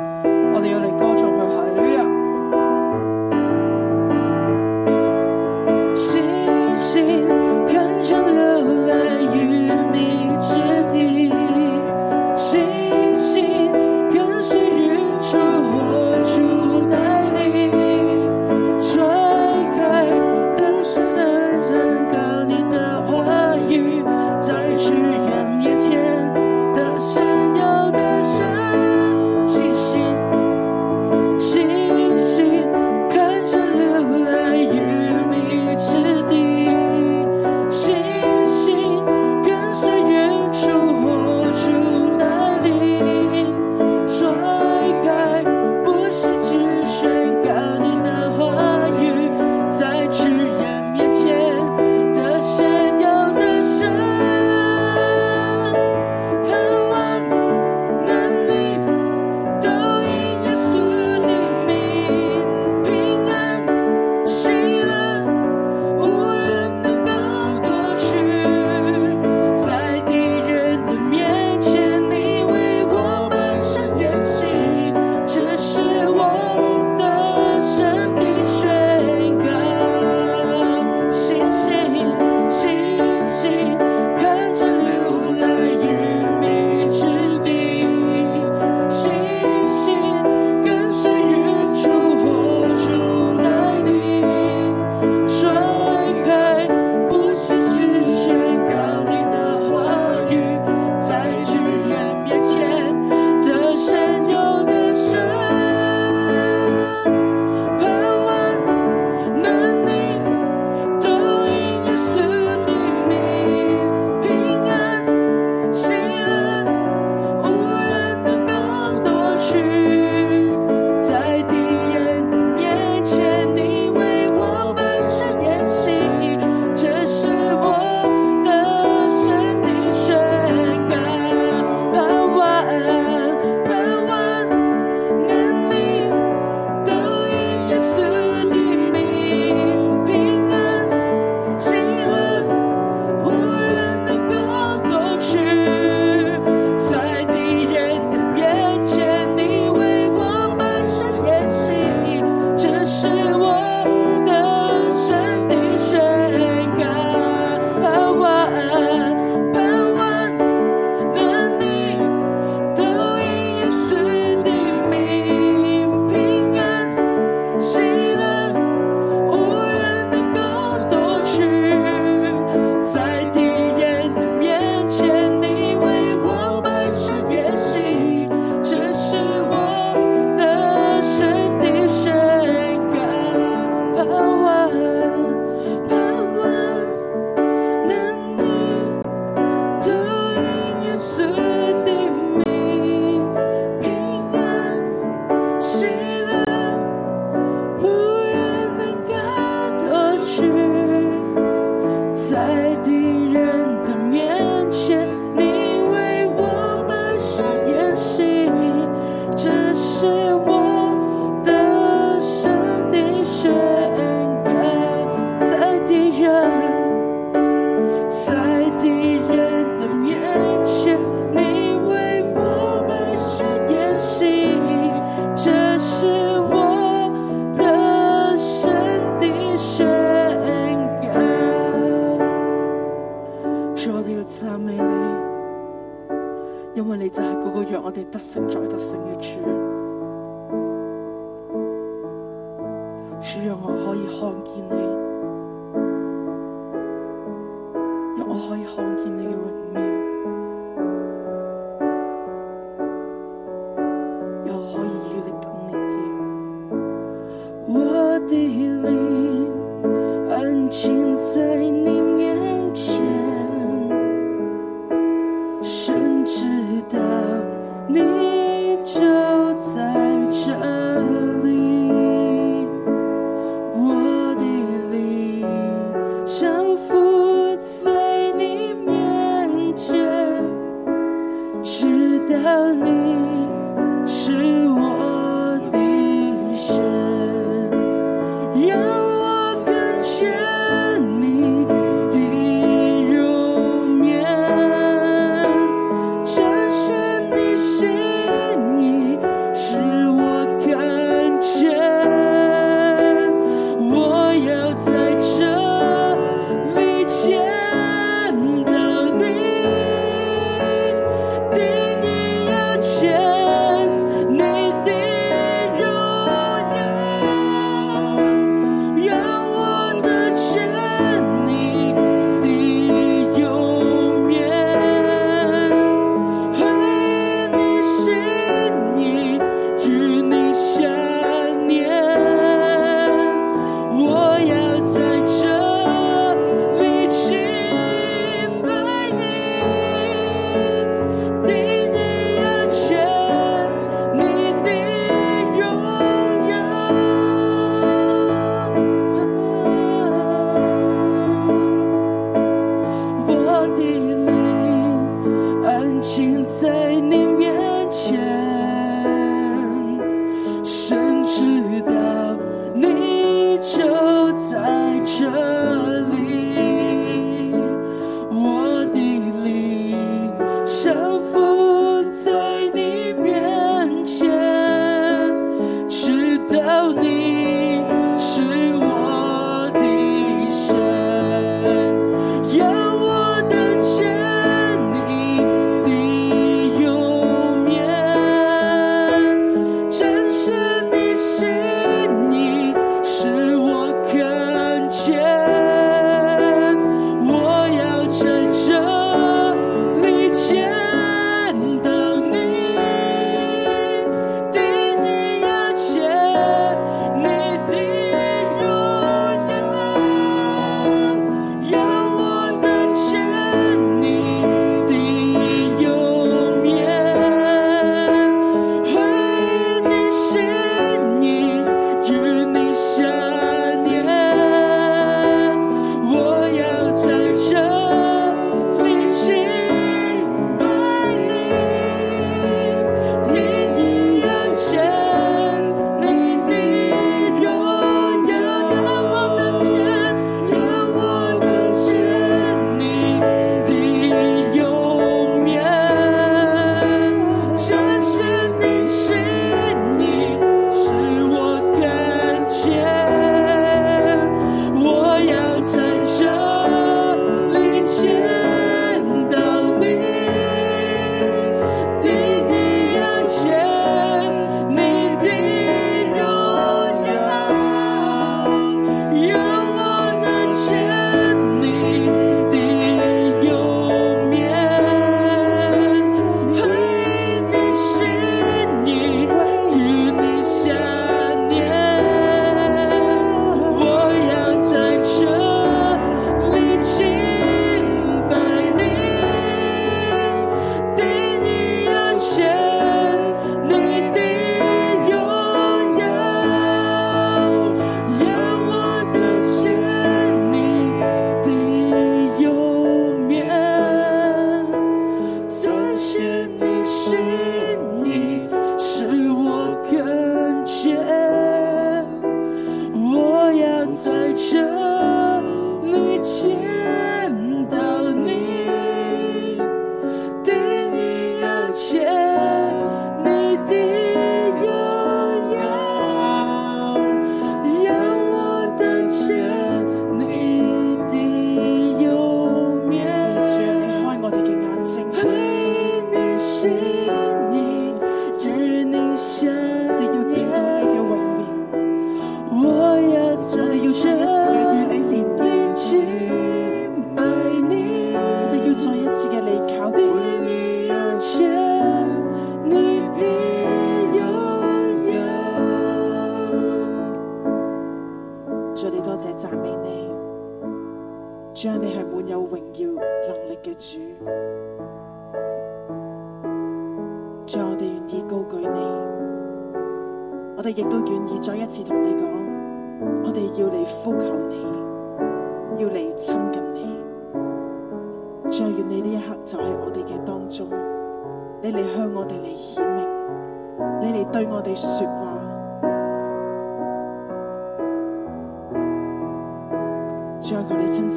在這。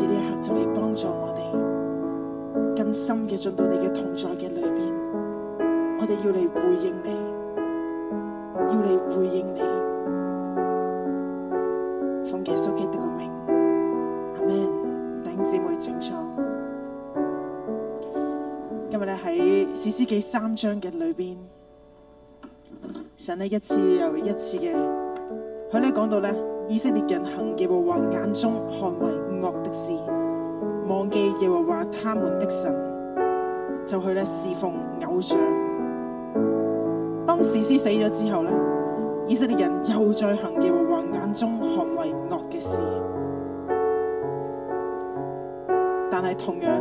你這刻就嚟幫助我哋，更深嘅進到你嘅同在嘅裏邊。我哋要嚟回應你，要嚟回應你，奉耶穌基督嘅名，阿門。弟兄姊妹，請坐。今日咧喺《史詩記》三章嘅裏邊，神呢一次又一次嘅，喺呢講到咧，以色列人行耶和華眼中看為。事忘記耶和華他們的神，就去咧侍奉偶像。當士師死咗之後咧，以色列人又再行耶和華眼中看為惡嘅事。但係同樣，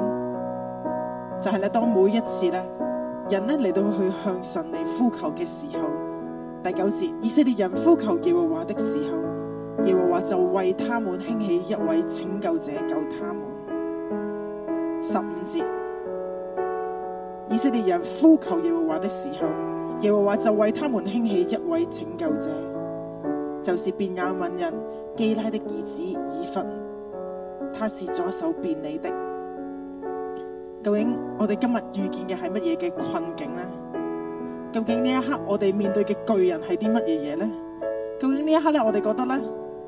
就係、是、咧當每一次咧人咧嚟到去向神嚟呼求嘅時候，第九節以色列人呼求耶和華的時候。耶和華就為他們興起一位拯救者救他們。十五節，以色列人呼求耶和華的時候，耶和華就為他們興起一位拯救者，就是便雅憫人基拉的兒子以弗，他是左手便利的。究竟我哋今日遇見嘅係乜嘢嘅困境呢？究竟呢一刻我哋面對嘅巨人係啲乜嘢嘢呢？究竟呢一刻咧我哋覺得咧？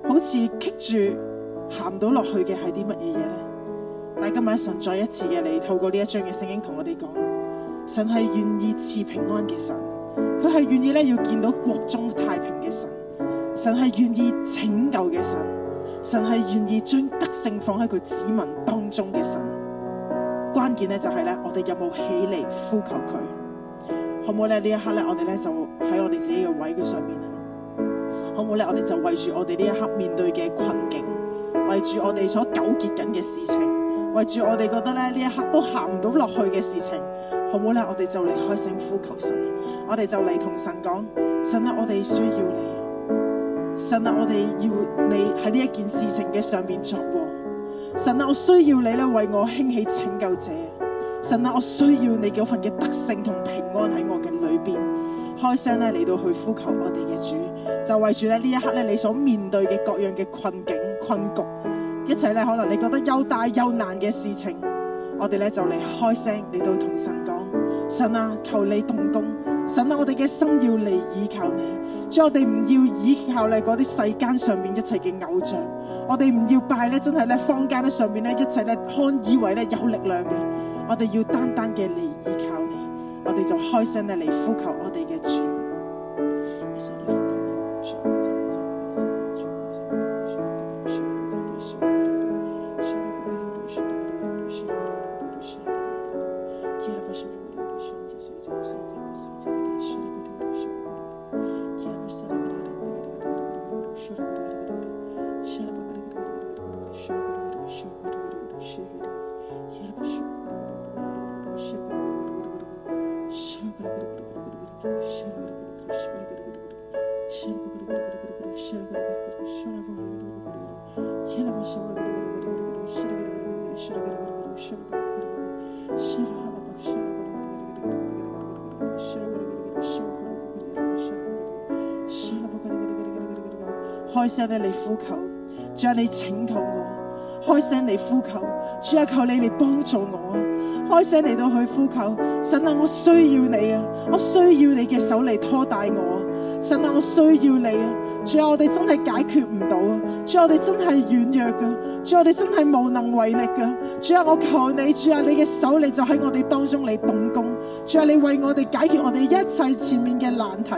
好似棘住行唔到落去嘅係啲乜嘢嘢咧？但係今日神再一次嘅嚟透過呢一章嘅聖經同我哋講，神係願意賜平安嘅神，佢係願意咧要見到國中太平嘅神，神係願意拯救嘅神，神係願意將德性放喺佢子民當中嘅神。關鍵咧就係咧，我哋有冇起嚟呼求佢？好唔好咧？呢一刻咧，我哋咧就喺我哋自己嘅位嘅上面。好唔好咧？我哋就為住我哋呢一刻面對嘅困境，為住我哋所糾結緊嘅事情，為住我哋覺得咧呢一刻都行唔到落去嘅事情，好唔好咧？我哋就嚟開聲呼求神，我哋就嚟同神講：神啊，我哋需要你；神啊，我哋要你喺呢一件事情嘅上邊作喎；神啊，我需要你咧為我興起拯救者；神啊，我需要你嗰份嘅德性同平安喺我嘅裏邊。開聲咧嚟到去呼求我哋嘅主。就為住咧呢一刻咧，你所面對嘅各樣嘅困境、困局，一切咧可能你覺得又大又難嘅事情，我哋咧就嚟開聲你都同神講：神啊，求你動工！神啊，我哋嘅心要嚟依靠你，叫我哋唔要依靠你嗰啲世間上面一切嘅偶像，我哋唔要拜咧，真係咧坊間咧上面咧一切咧看以為咧有力量嘅，我哋要單單嘅嚟依靠你，我哋就開聲咧嚟呼求我哋嘅主。開聲你嚟呼求，主啊你請求我，開聲嚟呼求，主啊求你嚟幫助我，啊，開聲嚟到去呼求，神啊我需要你啊，我需要你嘅手嚟拖帶我，啊，神啊我需要你啊，主啊我哋真係解決唔到，啊，主啊我哋真係軟弱噶，主啊我哋真係無能為力噶，主啊我求你，主啊你嘅手你就喺我哋當中嚟動工。在你為我哋解決我哋一切前面嘅難題，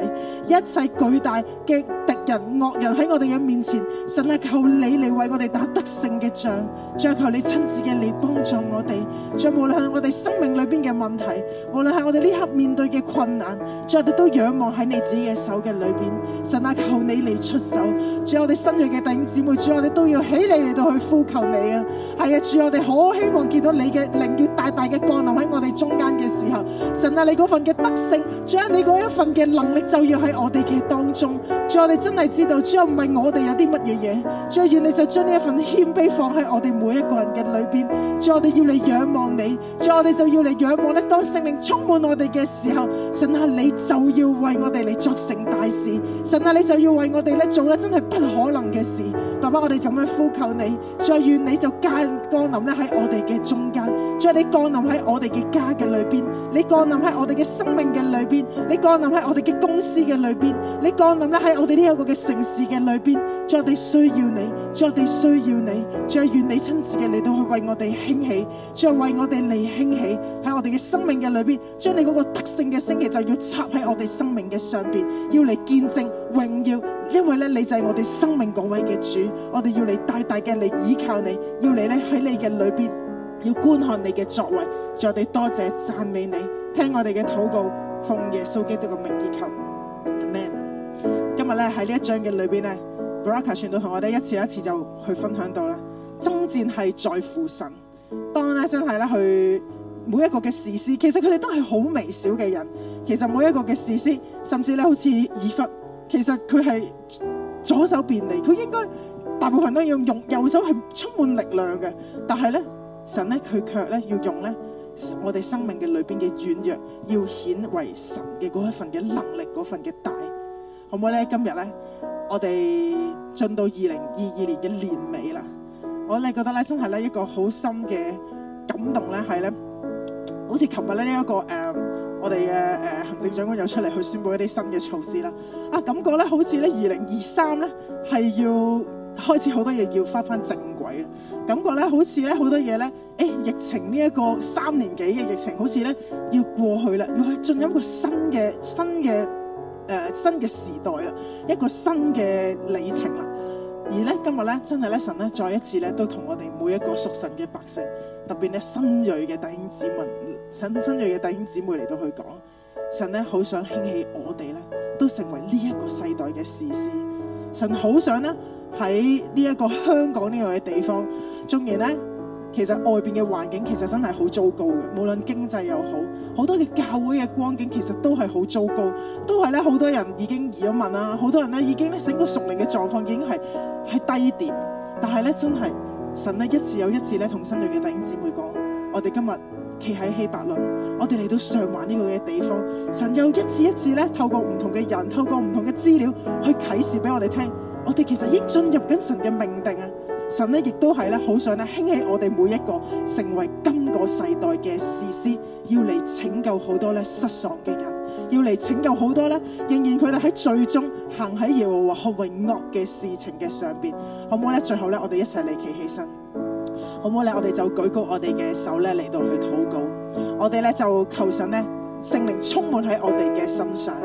一切巨大嘅敵人惡人喺我哋嘅面前，神啊，求你嚟為我哋打得勝嘅仗。再求你親自嘅嚟幫助我哋，再無論係我哋生命裏邊嘅問題，無論係我哋呢刻面對嘅困難，再我哋都仰望喺你自己嘅手嘅裏邊。神啊，求你嚟出手。再我哋新銳嘅弟兄姊妹，主我哋都要起嚟嚟到去呼求你啊。係啊，主我哋好希望見到你嘅靈要大大嘅降臨喺我哋中間嘅時候。神啊，你嗰份嘅德性，將你嗰一份嘅能力，就要喺我哋嘅當中，再我哋真係知道，主要唔係我哋有啲乜嘢嘢，再願你就將呢一份謙卑放喺我哋每一個人嘅裏邊，再我哋要嚟仰望你，再我哋就要嚟仰望咧，當聖靈充滿我哋嘅時候，神啊，你就要為我哋嚟作成大事，神啊，你就要為我哋咧做咧真係不可能嘅事，爸爸，我哋就咁樣呼求你，再願你就降降臨咧喺我哋嘅中間，再你降臨喺我哋嘅家嘅裏邊，你。降臨喺我哋嘅生命嘅裏邊，你降臨喺我哋嘅公司嘅裏邊，你降臨咧喺我哋呢一個嘅城市嘅裏邊，我哋需要你，我哋需要你，再願你親自嘅嚟到去為我哋興起，再為我哋嚟興起喺我哋嘅生命嘅裏邊，將你嗰個得勝嘅星旗就要插喺我哋生命嘅上邊，要嚟見證榮耀，因為咧你就係我哋生命嗰位嘅主，我哋要嚟大大嘅嚟依靠你，要嚟咧喺你嘅裏邊要觀看你嘅作為，我哋多謝讚美你。聽我哋嘅禱告，奉耶穌基督嘅名祈求，Amen。今日咧喺呢一章嘅裏邊咧，Beracah 傳道同我哋一次一次就去分享到咧，爭戰係在乎神。當咧真係咧去每一個嘅士師，其實佢哋都係好微小嘅人。其實每一個嘅士師，甚至咧好似以笏，其實佢係左手便利，佢應該大部分都要用右手係充滿力量嘅。但係咧神咧佢卻咧要用咧。我哋生命嘅裏邊嘅軟弱，要顯為神嘅嗰一份嘅能力，嗰份嘅大，好唔好咧？今日咧，我哋進到二零二二年嘅年尾啦，我咧覺得咧，真係咧一個好深嘅感動咧，係咧，好似琴日咧呢一個誒、呃，我哋嘅誒行政長官又出嚟去宣布一啲新嘅措施啦，啊，感覺咧好似咧二零二三咧係要。開始好多嘢要返返正軌，感覺咧好似咧好多嘢咧，誒、欸，疫情呢一個三年幾嘅疫情，好似咧要過去啦，要進入一個新嘅新嘅誒、呃、新嘅時代啦，一個新嘅里程啦。而咧今日咧，真係咧神咧再一次咧都同我哋每一個屬神嘅百姓，特別咧新銳嘅弟兄姊妹、新新銳嘅弟兄姊妹嚟到去講，神咧好想興起我哋咧，都成為呢一個世代嘅士師，神好想咧。喺呢一個香港呢個嘅地方，縱然呢，其實外邊嘅環境其實真係好糟糕嘅，無論經濟又好，好多嘅教會嘅光景其實都係好糟糕，都係咧好多人已經移咗民啦，好多人咧已經咧整個屬靈嘅狀況已經係喺低點，但係咧真係神咧一次又一次咧同新銳嘅弟兄姊妹講，我哋今日企喺希伯倫，我哋嚟到上環呢個嘅地方，神又一次一次咧透過唔同嘅人，透過唔同嘅資料去啟示俾我哋聽。我哋其實已經進入緊神嘅命定啊！神咧亦都係咧，好想咧興起我哋每一個成為今個世代嘅士師，要嚟拯救好多咧失喪嘅人，要嚟拯救好多咧仍然佢哋喺最終行喺耶和華行為惡嘅事情嘅上邊，好唔好咧？最後咧，我哋一齊嚟企起身，好唔好咧？我哋就舉高我哋嘅手咧嚟到去禱告，我哋咧就求神咧聖靈充滿喺我哋嘅身上。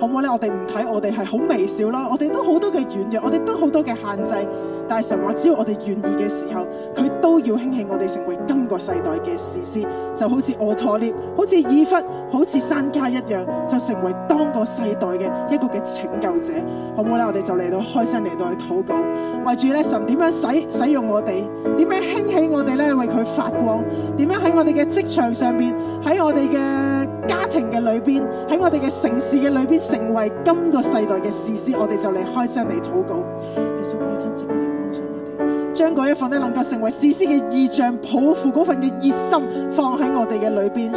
好唔好咧？我哋唔睇，我哋係好微小咯。我哋都好多嘅軟弱，我哋都好多嘅限制。但係神話，只要我哋願意嘅時候，佢都要興起我哋成為今個世代嘅士師，就好似俄陀聶，好似以笏，好似珊迦一樣，就成為當個世代嘅一個嘅拯救者。好唔好咧？我哋就嚟到開聲嚟到去禱告，為住咧神點樣使使用我哋，點樣興起我哋咧為佢發光，點樣喺我哋嘅職場上邊，喺我哋嘅。家庭嘅裏邊，喺我哋嘅城市嘅裏邊，成為今個世代嘅士師，我哋就嚟開聲嚟禱告，耶穌基督親自嘅嚟幫助我哋，將嗰一份咧能夠成為士師嘅異象，抱負嗰份嘅熱心，放喺我哋嘅裏邊。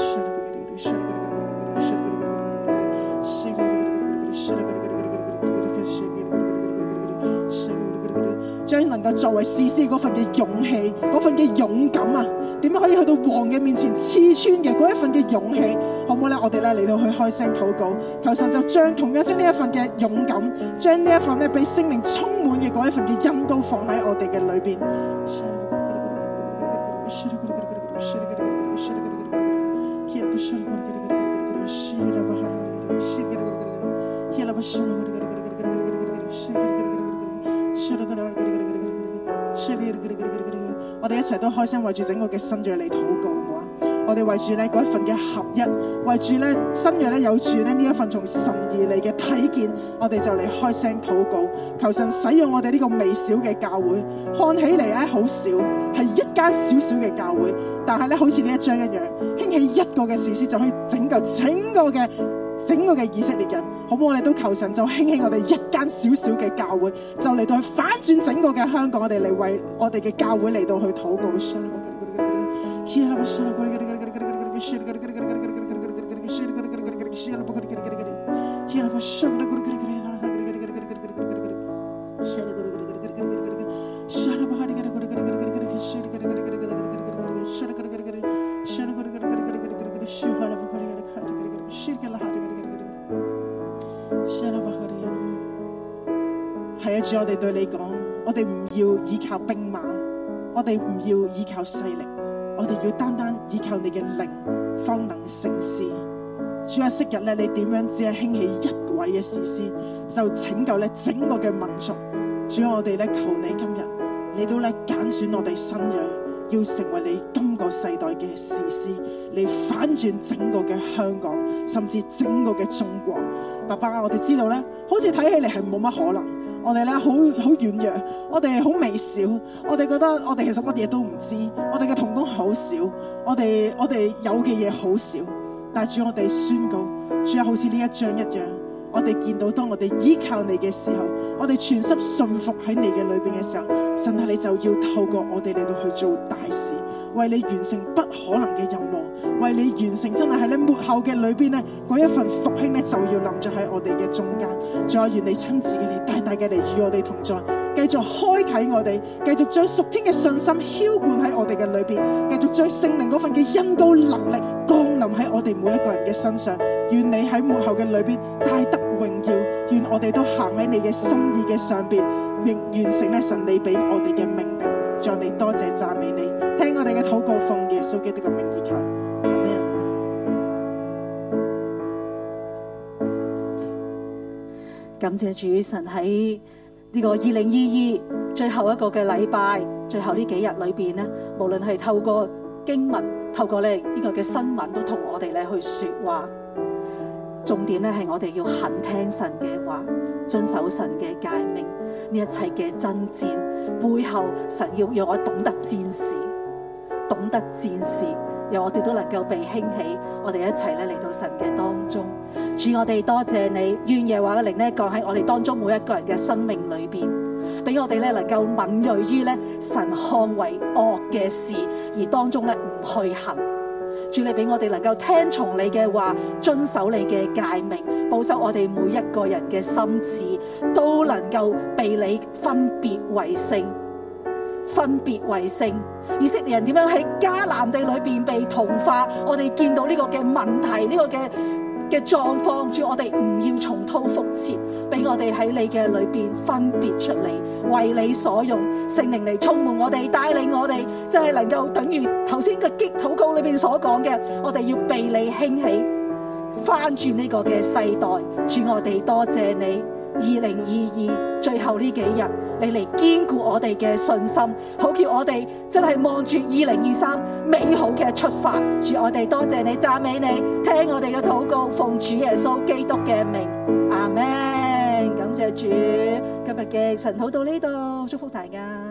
將能夠作為士師嗰份嘅勇氣，嗰份嘅勇敢啊，點樣可以去到王嘅面前刺穿嘅嗰一份嘅勇氣，可唔可以咧？我哋咧嚟到去開聲禱告，求神就將同樣將呢一份嘅勇敢，將呢一份咧被聖靈充滿嘅嗰一份嘅恩都放喺我哋嘅裏邊。 [MUSIC] 我哋一齊都開聲為住整個嘅新銳嚟禱告，好唔好啊？我哋為住呢嗰一份嘅合一，為住呢新銳咧有住咧呢一份從神而嚟嘅體見，我哋就嚟開聲禱告，求神使用我哋呢個微小嘅教會，看起嚟咧好少，係一間小小嘅教會，但係咧好似呢一章一樣，興起一個嘅士師就可以拯救整個嘅。整個嘅以色列人，好唔好？我哋都求神，就興起我哋一間小小嘅教會，就嚟到去反轉整個嘅香港，我哋嚟為我哋嘅教會嚟到去禱告。我哋對你講，我哋唔要依靠兵馬，我哋唔要依靠勢力，我哋要單單依靠你嘅靈，方能成事。主啊，昔日咧，你點樣只係興起一位嘅士師，就拯救咧整個嘅民族。主啊，我哋咧求你今日，你都咧揀選我哋身內，要成為你今個世代嘅士師，嚟反轉整個嘅香港，甚至整個嘅中國。爸爸，我哋知道咧，好似睇起嚟係冇乜可能。我哋咧好好軟弱，我哋好微小，我哋覺得我哋其實乜嘢都唔知道，我哋嘅同工好少，我哋我哋有嘅嘢好少，但是主，我哋宣告，主啊，好似呢一章一樣，我哋見到當我哋依靠你嘅時候，我哋全心信服在你嘅裏面嘅時候，神啊，你就要透過我哋嚟到去做大事。為你完成不可能嘅任務，為你完成真係喺你末後嘅裏邊呢，嗰一份復興呢，就要臨咗喺我哋嘅中間。再願你親自嘅你大大嘅嚟與我哋同在，繼續開啟我哋，繼續將屬天嘅信心澆灌喺我哋嘅裏邊，繼續將聖靈嗰份嘅恩膏能力降臨喺我哋每一個人嘅身上。願你喺末後嘅裏邊大得榮耀，願我哋都行喺你嘅心意嘅上邊，完完成咧神你俾我哋嘅命令。再你多謝讚美你。聽我哋嘅禱告，奉耶穌嘅呢嘅名祈求，感謝主神喺呢個二零二二最後一個嘅禮拜，最後呢幾日裏邊咧，無論係透過經文，透過咧呢個嘅新聞都，都同我哋咧去說話。重點咧係我哋要肯聽神嘅話，遵守神嘅誡命。呢一切嘅真戰背後，神要讓我懂得戰士。懂得戰事，讓我哋都能夠被興起，我哋一齊咧嚟到神嘅當中。主我哋多謝你，願耶和華嘅靈咧降喺我哋當中每一個人嘅生命裏邊，俾我哋咧能夠敏銳於咧神看為惡嘅事而當中咧唔去行。主你俾我哋能夠聽從你嘅話，遵守你嘅誡命，保守我哋每一個人嘅心智都能夠被你分別為聖。分別為聖，以色列人點樣喺迦南地裏邊被同化？我哋見到呢個嘅問題，呢、這個嘅嘅狀況，主我哋唔要重蹈覆轍，俾我哋喺你嘅裏邊分別出嚟，為你所用，聖靈嚟充滿我哋，帶領我哋就係、是、能夠等於頭先個擊禱告裏邊所講嘅，我哋要被你興起，翻轉呢個嘅世代，主我哋多謝你。二零二二最後呢幾日，你嚟堅固我哋嘅信心，好叫我哋真係望住二零二三美好嘅出發。主我哋多謝你讚美你，聽我哋嘅禱告，奉主耶穌基督嘅名，阿門。感謝主，今日嘅晨禱到呢度，祝福大家。